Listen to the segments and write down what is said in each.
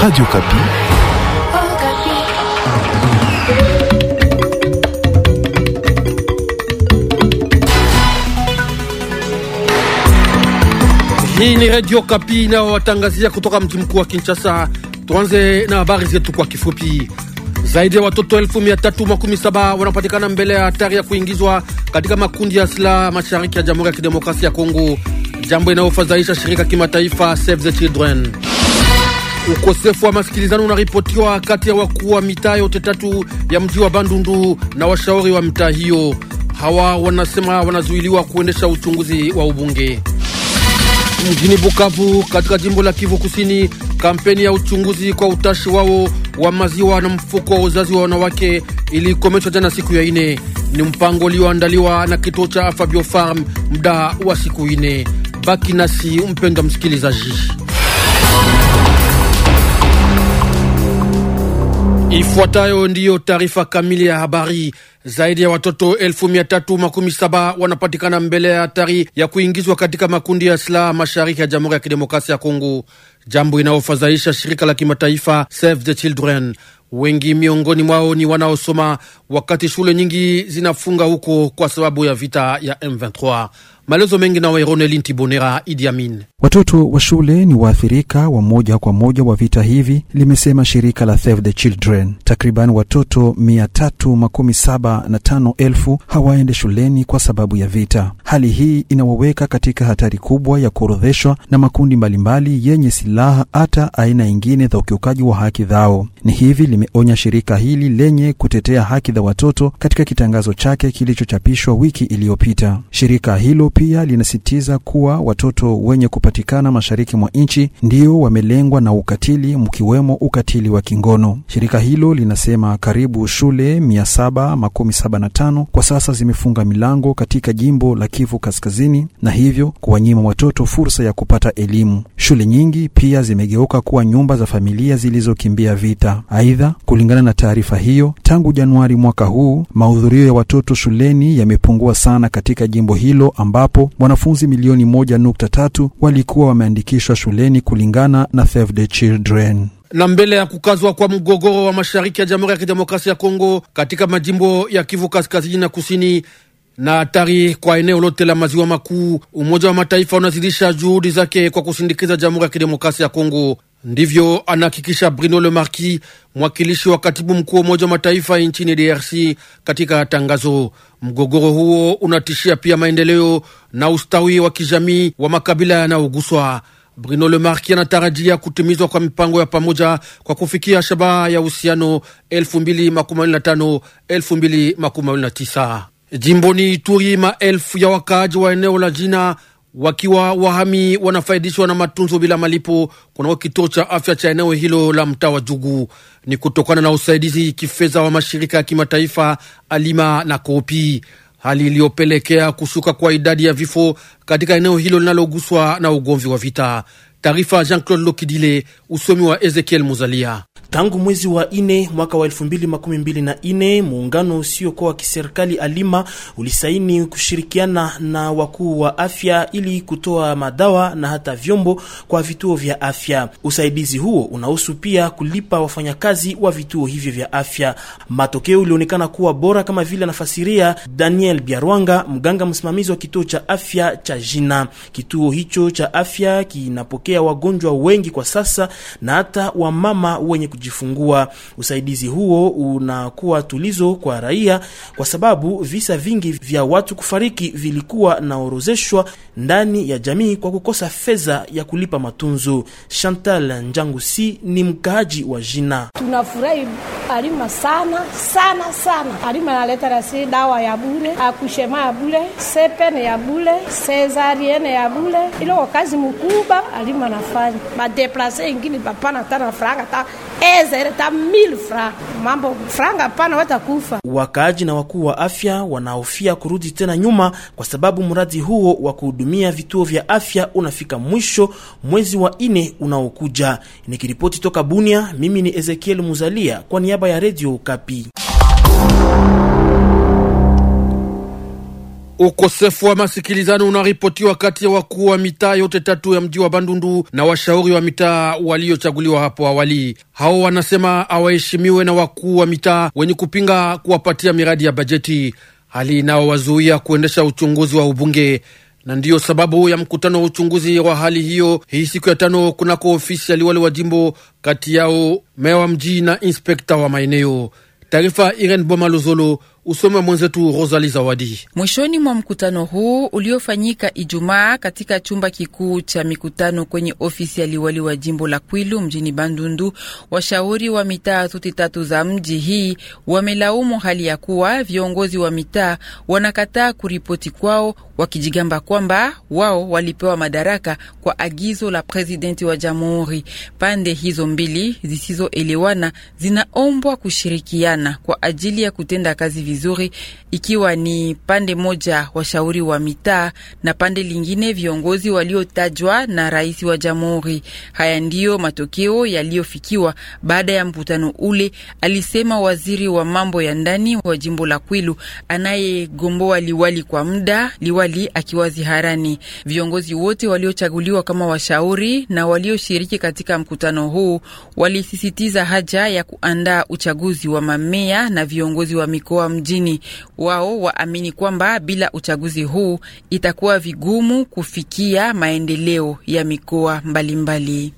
Radio Kapi. Hii ni Radio Kapi inayowatangazia kutoka mji mkuu wa Kinshasa. Tuanze na habari zetu kwa kifupi. Zaidi ya watoto 1317 wanapatikana mbele ya hatari ya kuingizwa katika makundi ya silaha mashariki ya Jamhuri ya Kidemokrasia ya Kongo, jambo inayofadhaisha shirika kimataifa Save the Children. Ukosefu wa masikilizano unaripotiwa kati ya wakuu wa mitaa yote tatu ya mji wa Bandundu na washauri wa mitaa hiyo. Hawa wanasema wanazuiliwa kuendesha uchunguzi wa ubunge. Mjini Bukavu katika jimbo la Kivu Kusini, kampeni ya uchunguzi kwa utashi wao wa maziwa na mfuko wa uzazi wa wanawake ilikomeshwa jana siku ya ine. Ni mpango ulioandaliwa na kituo cha Afabio Farm muda wa siku ine. Baki nasi mpenda msikilizaji. Ifuatayo ndiyo taarifa kamili ya habari. Zaidi ya watoto elfu mia tatu makumi saba wanapatikana mbele ya hatari ya kuingizwa katika makundi ya silaha mashariki ya Jamhuri ya Kidemokrasia ya Kongo, jambo inayofadhaisha shirika la kimataifa Save the Children. Wengi miongoni mwao ni wanaosoma, wakati shule nyingi zinafunga huko kwa sababu ya vita ya M23. Maelezo mengi na Wairone Linti Idi Amin. Watoto wa shule ni waathirika wa moja kwa moja wa vita hivi, limesema shirika la Save the Children. Takriban watoto mia hawaende shuleni kwa sababu ya vita. Hali hii inawaweka katika hatari kubwa ya kuorodheshwa na makundi mbalimbali yenye silaha, hata aina ingine za ukiukaji wa haki zao. Ni hivi limeonya shirika hili lenye kutetea haki za watoto katika kitangazo chake kilichochapishwa wiki iliyopita. Shirika hilo pia linasitiza kuwa watoto wenye kupatikana mashariki mwa nchi ndio wamelengwa na ukatili, mkiwemo ukatili wa kingono. Shirika hilo linasema karibu shule 775 kwa sasa zimefunga milango katika jimbo la Kivu Kaskazini, na hivyo kuwanyima watoto fursa ya kupata elimu. Shule nyingi pia zimegeuka kuwa nyumba za familia zilizokimbia vita. Aidha, kulingana na taarifa hiyo, tangu Januari mwaka huu mahudhurio ya watoto shuleni yamepungua sana katika jimbo hilo ambapo ambapo wanafunzi milioni moja nukta tatu walikuwa wameandikishwa shuleni kulingana na Save the Children na mbele ya kukazwa kwa mgogoro wa mashariki ya Jamhuri ya Kidemokrasia ya Kongo katika majimbo ya Kivu kaskazini na kusini na hatari kwa eneo lote la maziwa makuu, Umoja wa Mataifa unazidisha juhudi zake kwa kusindikiza Jamhuri ya Kidemokrasia ya Kongo. Ndivyo anahakikisha Bruno Le Marquis, mwakilishi wa katibu mkuu wa Umoja wa Mataifa nchini DRC katika tangazo. Mgogoro huo unatishia pia maendeleo na ustawi wa kijamii wa makabila yanayoguswa. Bruno Le Marquis anatarajia kutimizwa kwa mipango ya pamoja kwa kufikia shabaha ya uhusiano 2025 2029. Jimboni Ituri, maelfu ya wakaaji wa eneo la jina wakiwa wahami wanafaidishwa na matunzo bila malipo kunako kituo cha afya cha eneo hilo la mtaa wa Jugu. Ni kutokana na usaidizi kifedha wa mashirika ya kimataifa Alima na Kopi, hali iliyopelekea kushuka kwa idadi ya vifo katika eneo hilo linaloguswa na ugomvi wa vita. Taarifa ya Jean-Claude Lokidile, usomi wa Ezekiel Muzalia. Tangu mwezi wa ine mwaka wa elfu mbili makumi mbili na ine muungano usiokuwa wa kiserikali Alima ulisaini kushirikiana na wakuu wa afya ili kutoa madawa na hata vyombo kwa vituo vya afya. Usaidizi huo unahusu pia kulipa wafanyakazi wa vituo hivyo vya afya. Matokeo ulionekana kuwa bora, kama vile anafasiria Daniel Biarwanga, mganga msimamizi wa kituo cha afya cha Jina. Kituo hicho cha afya kinapokea kupokea wagonjwa wengi kwa sasa na hata wamama wenye kujifungua. Usaidizi huo unakuwa tulizo kwa raia, kwa sababu visa vingi vya watu kufariki vilikuwa naorozeshwa ndani ya jamii kwa kukosa fedha ya kulipa matunzo. Chantal Njangusi ni mkaaji wa Jina. Tunafurahi alima sana sana sana, alima naleta rasi dawa ya bure, akushema ya bure, sepene ya bure, sezariene ya bure, ilo kazi mkubwa alima kama nafanya ingine bapana franga ta ezere ta mil franga mambo franga pana watakufa. Wakaaji na wakuu wa afya wanahofia kurudi tena nyuma, kwa sababu mradi huo wa kuhudumia vituo vya afya unafika mwisho mwezi wa ine unaokuja. Nikiripoti toka Bunia, mimi ni Ezekiel Muzalia kwa niaba ya Radio Kapi. Ukosefu wa masikilizano unaripotiwa kati ya wakuu wa mitaa yote tatu ya mji wa Bandundu na washauri wa mitaa waliochaguliwa hapo awali. Hao wanasema hawaheshimiwe na wakuu wa mitaa wenye kupinga kuwapatia miradi ya bajeti, hali inayowazuia kuendesha uchunguzi wa ubunge na ndiyo sababu ya mkutano wa uchunguzi wa hali hiyo hii siku ya tano kunako ofisi ya liwali wa jimbo, kati yao meya wa mji na inspekta wa maeneo. Taarifa Irene Bomaluzolo Usome mwenzetu Rosali Zawadi. Mwishoni mwa mkutano huu uliofanyika Ijumaa katika chumba kikuu cha mikutano kwenye ofisi ya liwali wa jimbo la Kwilu mjini Bandundu, washauri wa mitaa thuti tatu za mji hii wamelaumu hali ya kuwa viongozi wa mitaa wanakataa kuripoti kwao, wakijigamba kwamba wao walipewa madaraka kwa agizo la prezidenti wa jamhuri. Pande hizo mbili zisizoelewana zinaombwa kushirikiana kwa ajili ya kutenda kazi vizuri vizuri, ikiwa ni pande moja washauri wa mitaa na pande lingine viongozi waliotajwa na rais wa jamhuri. Haya ndiyo matokeo yaliyofikiwa baada ya mkutano ule, alisema waziri wa mambo ya ndani wa jimbo la Kwilu anayegomboa liwali kwa muda, liwali akiwa ziharani. Viongozi wote waliochaguliwa kama washauri na walioshiriki katika mkutano huu walisisitiza haja ya kuandaa uchaguzi wa mamea na viongozi wa mikoa mjini. Wao waamini kwamba bila uchaguzi huu itakuwa vigumu kufikia maendeleo ya mikoa mbalimbali.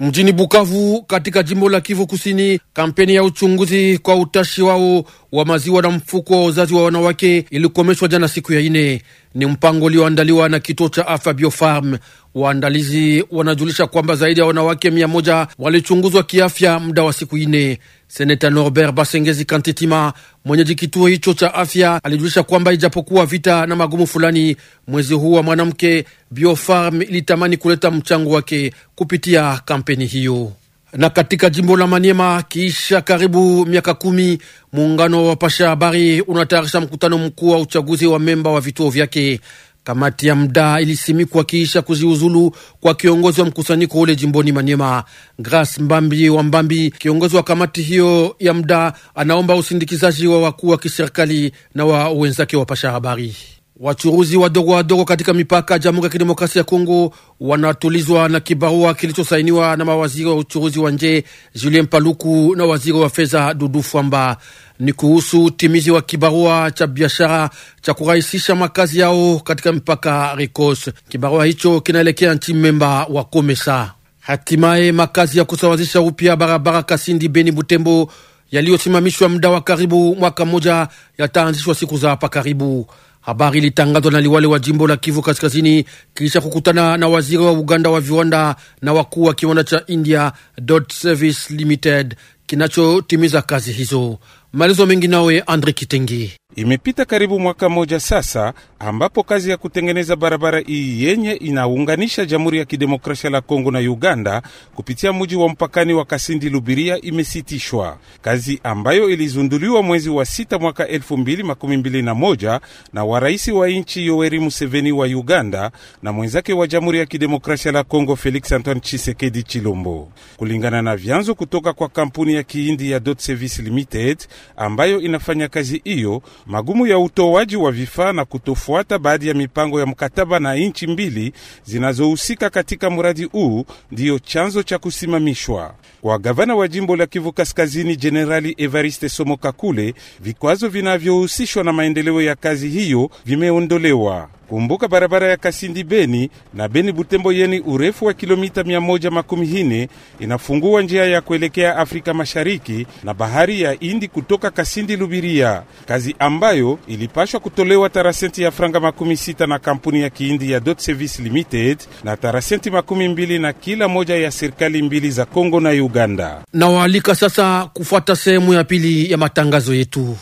Mjini Bukavu katika jimbo la Kivu Kusini, kampeni ya uchunguzi kwa utashi wao wa maziwa na mfuko wa uzazi wa wanawake ilikomeshwa jana siku ya ine ni mpango ulioandaliwa na kituo cha afya Biofarm. Waandalizi wanajulisha kwamba zaidi ya wanawake mia moja walichunguzwa kiafya muda wa siku ine. Seneta Norbert Basengezi Kantitima, mwenyeji kituo hicho cha afya, alijulisha kwamba ijapokuwa vita na magumu fulani, mwezi huu wa mwanamke, Biofarm ilitamani kuleta mchango wake kupitia kampeni hiyo. Na katika jimbo la Maniema, kisha karibu miaka kumi, muungano wa pasha habari unatayarisha mkutano mkuu wa uchaguzi wa memba wa vituo vyake. Kamati ya mda ilisimikwa kiisha kujiuzulu kwa kiongozi wa mkusanyiko ule jimboni Maniema. Gras Mbambi wa Mbambi, kiongozi wa kamati hiyo ya mda anaomba usindikizaji wa wakuu wa kiserikali na wa wenzake wa pasha habari. Wachuruzi wadogo wadogo katika mipaka ya Jamhuri ya Kidemokrasia ya Kongo wanatulizwa na kibarua kilichosainiwa na mawaziri wa uchuruzi wa nje Julien Paluku na waziri wa fedha Dudu Fwamba. Ni kuhusu utimizi wa kibarua cha biashara cha kurahisisha makazi yao katika mipaka RICOS. Kibarua hicho kinaelekea nchi memba wa COMESA. Hatimaye makazi ya kusawazisha upya barabara Kasindi Beni Butembo yaliyosimamishwa muda wa karibu mwaka mmoja yataanzishwa siku za hapa karibu. Habari ilitangazwa na liwali wa jimbo la Kivu Kaskazini kisha kukutana na waziri wa Uganda wa viwanda na wakuu wa kiwanda cha India Dot Service Limited kinachotimiza kazi hizo. Maelezo mengi nawe Andre Kitengi. Imepita karibu mwaka moja sasa ambapo kazi ya kutengeneza barabara hii yenye inaunganisha Jamhuri ya Kidemokrasia la Kongo na Uganda kupitia mji wa mpakani wa Kasindi Lubiria imesitishwa, kazi ambayo ilizunduliwa mwezi wa sita mwaka elfu mbili makumi mbili na moja na wa rais wa nchi Yoweri Museveni wa Uganda na mwenzake wa Jamhuri ya Kidemokrasia la Kongo Felix Antoine Chisekedi Chilombo, kulingana na vyanzo kutoka kwa kampuni ya Kihindi ya Dot Service Limited ambayo inafanya kazi hiyo magumu ya utoaji wa vifaa na kutofuata baadhi ya mipango ya mkataba na nchi mbili zinazohusika katika mradi huu ndiyo chanzo cha kusimamishwa kwa gavana wa jimbo la Kivu Kaskazini, Jenerali Evariste Somo Kakule. Vikwazo vinavyohusishwa na maendeleo ya kazi hiyo vimeondolewa. Kumbuka barabara ya Kasindi Beni na Beni Butembo yeni urefu wa kilomita 114 inafungua njia ya kuelekea Afrika Mashariki na bahari ya indi kutoka Kasindi Lubiria, kazi ambayo ilipashwa kutolewa tarasenti ya franga makumi sita na kampuni ya kiindi ya Dot Service Limited na tarasenti makumi mbili na kila moja ya serikali mbili za Kongo na Uganda. Nawaalika sasa kufuata sehemu ya pili ya matangazo yetu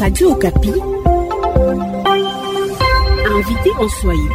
Radio Kapi invité en Swahili.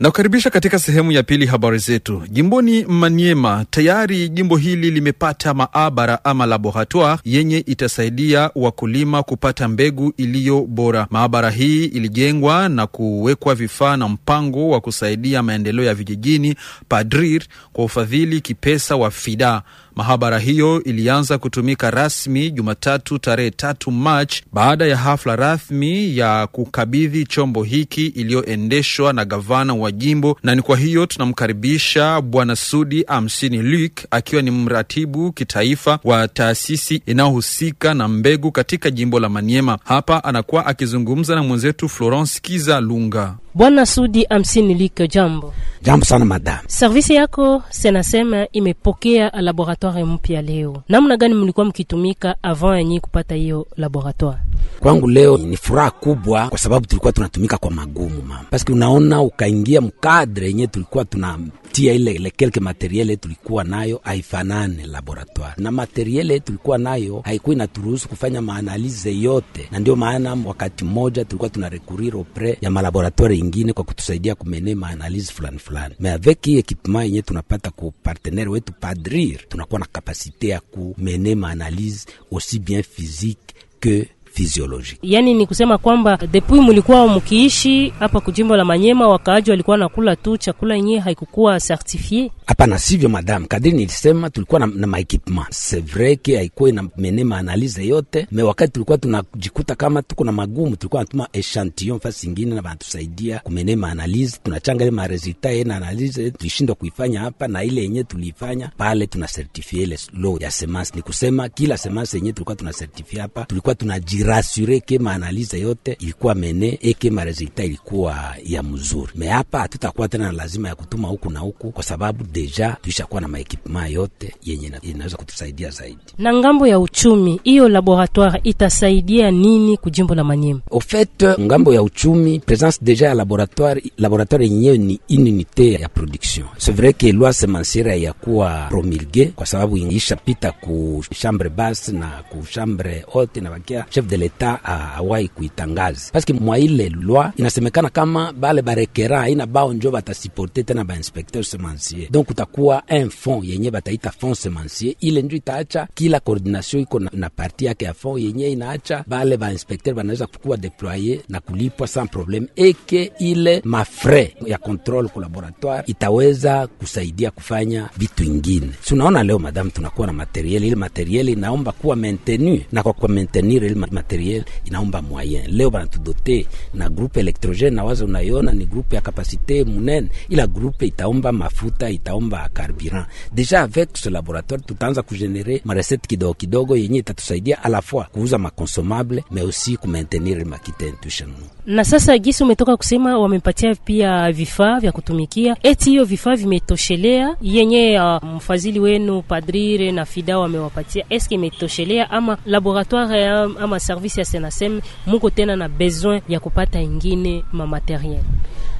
Nakukaribisha katika sehemu ya pili habari zetu. Jimboni Maniema, tayari jimbo hili limepata maabara ama laboratoire yenye itasaidia wakulima kupata mbegu iliyo bora. Maabara hii ilijengwa na kuwekwa vifaa na mpango wa kusaidia maendeleo ya vijijini PADRIR kwa ufadhili kipesa wa FIDA. Mahabara hiyo ilianza kutumika rasmi Jumatatu tarehe tatu Machi baada ya hafla rasmi ya kukabidhi chombo hiki iliyoendeshwa na gavana wa jimbo, na ni kwa hiyo tunamkaribisha Bwana Sudi Amsini Luke akiwa ni mratibu kitaifa wa taasisi inayohusika na mbegu katika jimbo la Maniema. Hapa anakuwa akizungumza na mwenzetu Florence Kiza Lunga. Bwana Sudi Amsini Luke, jambo. Jambo sana madam. Servisi yako senasema imepokea laboratoire mpya leo, namna gani mlikuwa mkitumika avant yenye kupata hiyo laboratoire? Kwangu leo ni furaha kubwa, kwa sababu tulikuwa tunatumika kwa magumu mama, paske unaona, ukaingia mkadre yenye tulikuwa tuna tia ile, ile kelke materiele tulikuwa nayo haifanane laboratoire na materiele tulikuwa nayo haikuwa inaturuhusu kufanya maanalize yote, na ndio maana wakati mmoja tulikuwa tuna rekurir opre ya malaboratoire ingine kwa kutusaidia kumene maanalize fulani fulani. Me avec hii ekipema yenye tunapata ku partenere wetu Padrir, tunakuwa na kapasite ya kumene maanalize aussi bien physique que physiologique. Yani ni kusema kwamba depuis mulikuwa mkiishi hapa kujimbo la Manyema, wakaaji walikuwa nakula tu chakula yenye haikukuwa certifié. Hapana, sivyo madam, kadiri nilisema tulikuwa na, na maekipema c'est vrai que haikuwa na menema analyse yote me, wakati tulikuwa tunajikuta kama tuko na magumu, tulikuwa natuma echantillon fasi ingine na banatusaidia kumenema analyse, tunachanga ile maresultat yena analyse tulishindwa kuifanya hapa na ile yenye tuliifanya pale, tuna certifié le ya semence. Ni kusema kila semence yenye tulikuwa tuna certifié hapa tulikuwa tuna kujirasure kema analize yote ilikuwa mene ekema resulta ilikuwa ya mzuri. Me hapa hatutakuwa tena na lazima ya kutuma huku na huku, kwa sababu deja tuishakuwa na maekipema yote yenye inaweza kutusaidia zaidi na ngambo ya uchumi. Hiyo laboratoire itasaidia nini kujimbo la Manyema? Au fait ngambo ya uchumi, presence deja ya laboratoire laboratoire yenyewe ni inunité ya production. C'est vrai que loi semenciera ya kuwa promulguée, kwa sababu ishapita ku chambre basse na ku chambre haute na bakia chef de l'etat awayi kuitangaza paske mwa ile lwa inasemekana kama bale barekera aina bao njo batasiporte tena bainspekteur semencier, donc kutakuwa un fond yenye bataita fond semencier. Ile njo itaacha kila coordination iko na, na parti yake ya fond yenye inaacha bale bainspekteur banaweza kuwa deploye na kulipwa sans probleme, eke ile mafrais ya controle collaboratoire itaweza kusaidia kufanya vitu ingine. si unaona leo madame, tunakuwa na materiel ile materiel inaomba kuwa maintenu na kwa, kwa maintenir ile materiel inaomba moyen. Leo banatudote na groupe electrogene, na wazo, unaiona ni groupe ya kapasite munene, ila groupe itaomba mafuta, itaomba carburant. Deja avec ce laboratoire tutaanza kugenere recette kidogo kidogo yenye itatusaidia la fois kuuza ma consommable mais aussi ku maintenir ma makite intuition. Na sasa gisi umetoka kusema wamempatia pia vifaa vya kutumikia, eti hiyo vifaa vimetoshelea yenye uh, mfadhili wenu padrire na fida wamewapatia, eske imetoshelea ama laboratoire um, ama service ya Senasem muko tena na besoin ya kupata ingine ma materiel.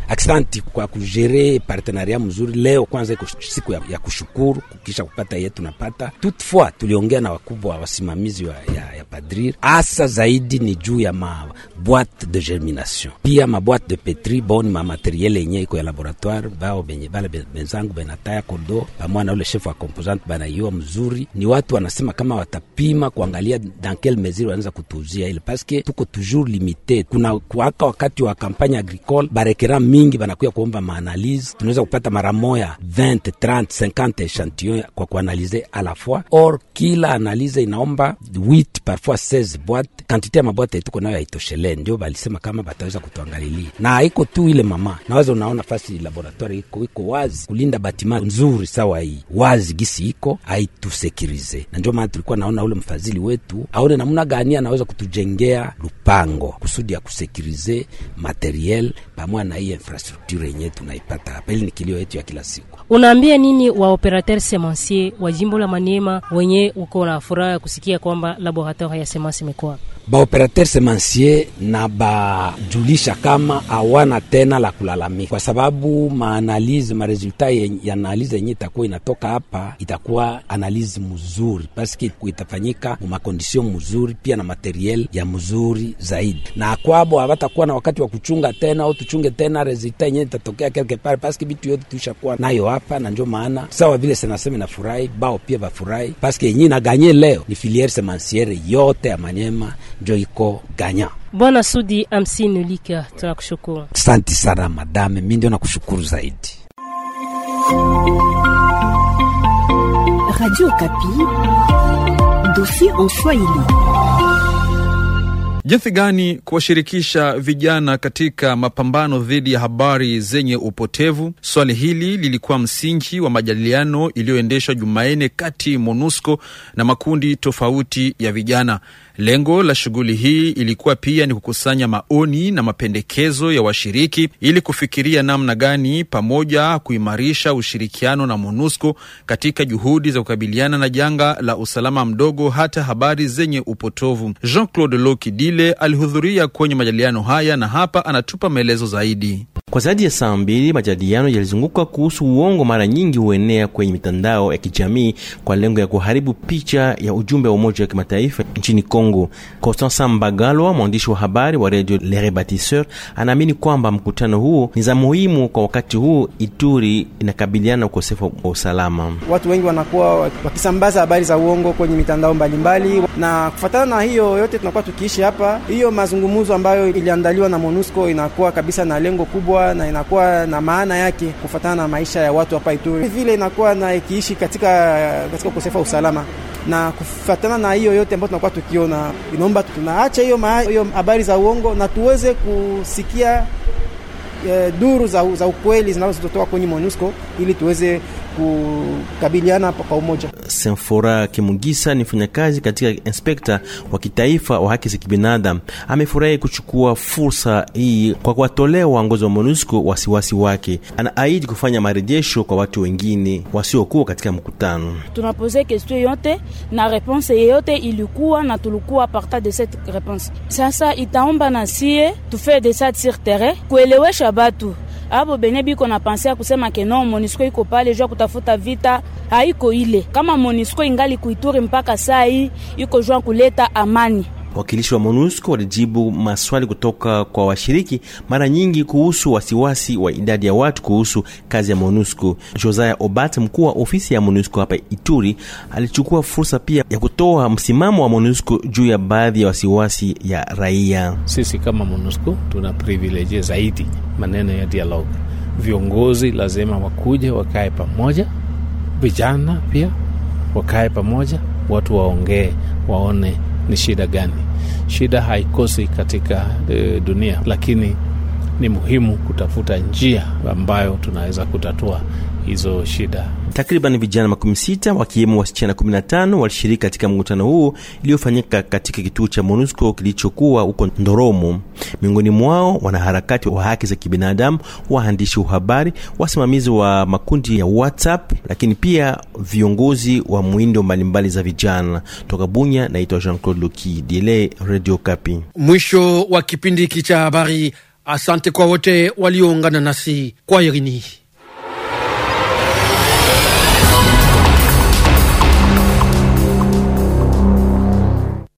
Aksanti kwa kujere partenaria mzuri. Leo kwanza iko siku ya, ya kushukuru kukisha kupata yetu napata. Toutefois tuliongea na wakubwa wasimamizi wa ya, padrir, hasa zaidi ni juu ya maboite de germination, pia maboite de petri bon ni mamateriel yenye iko ya laboratoire. Bao benye bale benzangu benataya kodo na ule chef wa composante banaiwa mzuri, ni watu wanasema kama watapima kuangalia dans quelle mesure wanaweza kutuuzia ile, parce que tuko toujours limité. Kuna kuaka wakati wa kampanya agricole barekera mingi banakuya kuomba maanalize, tunaweza kupata mara moya 20 30 50 echantillon kwa kuanalize a la fois, or kila analize inaomba 8 par fois 16 boîte, quantité ya maboîte tuko nayo haitoshele, ndio balisema kama bataweza kutuangalilia, na iko tu ile mama nawaza, unaona fasi laboratoire iko iko wazi kulinda batima nzuri sawa, hii wazi gisi iko haitusekirize, na ndio maana tulikuwa naona ule mfadhili wetu aone namna gani anaweza kutujengea lupango kusudi ya kusekirize materiel pamoja na hii infrastructure yenyewe tunaipata hapa. Ili ni kilio yetu ya kila siku. Unaambia nini wa operateur semencier wa jimbo la Maniema wenye uko na furaha ya kusikia kwamba laboratoire hayasemwa semekwa baoperater semencier na bajulisha kama awana tena la kulalamika, kwa sababu maanalize maresulta ya analize yenye itakuwa inatoka hapa itakuwa analize mzuri, paske itafanyika mumakondisio mzuri, pia na materiel ya mzuri zaidi, na kwabo hawatakuwa na wakati wa kuchunga tena au tuchunge tena resulta yenye itatokea quelque part, paske bitu yote tuishakuwa nayo hapa, na ndio maana sawa vile senaseme na furahi bao pia vafurahi paske yenye naganye leo ni filiere semansiere yote ya Manyema joiko iko ganya. Bwana Sudi Amsini Lika, tunakushukuru. Asante sana madame, mi ndio nakushukuru zaidi. Radio Kapi, dosi en Swahili. Jinsi gani kuwashirikisha vijana katika mapambano dhidi ya habari zenye upotevu? Swali hili lilikuwa msingi wa majadiliano iliyoendeshwa Jumanne kati MONUSCO na makundi tofauti ya vijana. Lengo la shughuli hii ilikuwa pia ni kukusanya maoni na mapendekezo ya washiriki ili kufikiria namna gani pamoja kuimarisha ushirikiano na MONUSCO katika juhudi za kukabiliana na janga la usalama mdogo hata habari zenye upotovu. Jean Claude Lokidile alihudhuria kwenye majadiliano haya na hapa anatupa maelezo zaidi. Kwa zaidi ya saa mbili majadiliano yalizunguka kuhusu uongo mara nyingi huenea kwenye mitandao ya kijamii kwa lengo ya kuharibu picha ya ujumbe wa Umoja wa Kimataifa nchini Kongo. Constant mbagalwa mwandishi wa habari wa Radio Le Rebatisseur, anaamini kwamba mkutano huo ni za muhimu kwa wakati huu Ituri inakabiliana na ukosefu wa usalama. Watu wengi wanakuwa wakisambaza habari za uongo kwenye mitandao mbalimbali mbali. Na kufuatana na hiyo yote tunakuwa tukiishi hapa, hiyo mazungumzo ambayo iliandaliwa na MONUSCO inakuwa kabisa na lengo kubwa kubwa na inakuwa na maana yake kufuatana na maisha ya watu hapa Ituri, vile inakuwa na ikiishi katika katika ukosefu wa usalama na kufatana na hiyo yote ambayo tunakuwa tukiona, inaomba tunaacha hiyo habari za uongo na tuweze kusikia e, duru za, za ukweli zinazotoka kwenye MONUSCO ili tuweze kukabiliana kwa umoja. Senfora Kimugisa ni mfanyakazi katika inspekta wa kitaifa wa haki za kibinadamu, amefurahi kuchukua fursa hii kwa kuwatolea waongozi wa MONUSCO wasiwasi wake. Anaahidi kufanya marejesho kwa watu wengine wasiokuwa katika mkutano. tunapose kestio yote na reponse yeyote ilikuwa na tulikuwa parta de cette reponse. Sasa itaomba na sie tufe desat sur terrain kuelewesha batu abo benye biko na panse ya kusema keno Monisco iko pale jua kutafuta vita, haiko ile. Kama Monisco ingali kuituri mpaka sai hii iko jua kuleta amani Wakilishi wa MONUSCO walijibu maswali kutoka kwa washiriki mara nyingi kuhusu wasiwasi wa idadi ya watu kuhusu kazi ya MONUSCO. Josiah Obat, mkuu wa ofisi ya MONUSCO hapa Ituri, alichukua fursa pia ya kutoa msimamo wa MONUSCO juu ya baadhi ya wasiwasi ya raia. Sisi kama MONUSCO tuna privileji zaidi maneno ya dialogue. Viongozi lazima wakuje wakae pamoja, vijana pia wakae pamoja, watu waongee, waone ni shida gani. Shida haikosi katika e, dunia, lakini ni muhimu kutafuta njia ambayo tunaweza kutatua hizo shida. Takriban vijana makumi sita wakiwemo wasichana 15 walishiriki katika mkutano huu iliyofanyika katika kituo cha MONUSCO kilichokuwa huko Ndoromo. Miongoni mwao wanaharakati wa haki za kibinadamu, waandishi wa habari, wasimamizi wa makundi ya WhatsApp, lakini pia viongozi wa mwindo mbalimbali za vijana. Toka Bunya, naitwa Jean Claude Luki Dile, Radio Kapi. Mwisho wa kipindi hiki cha habari. Asante kwa wote walioungana nasi kwa Irini.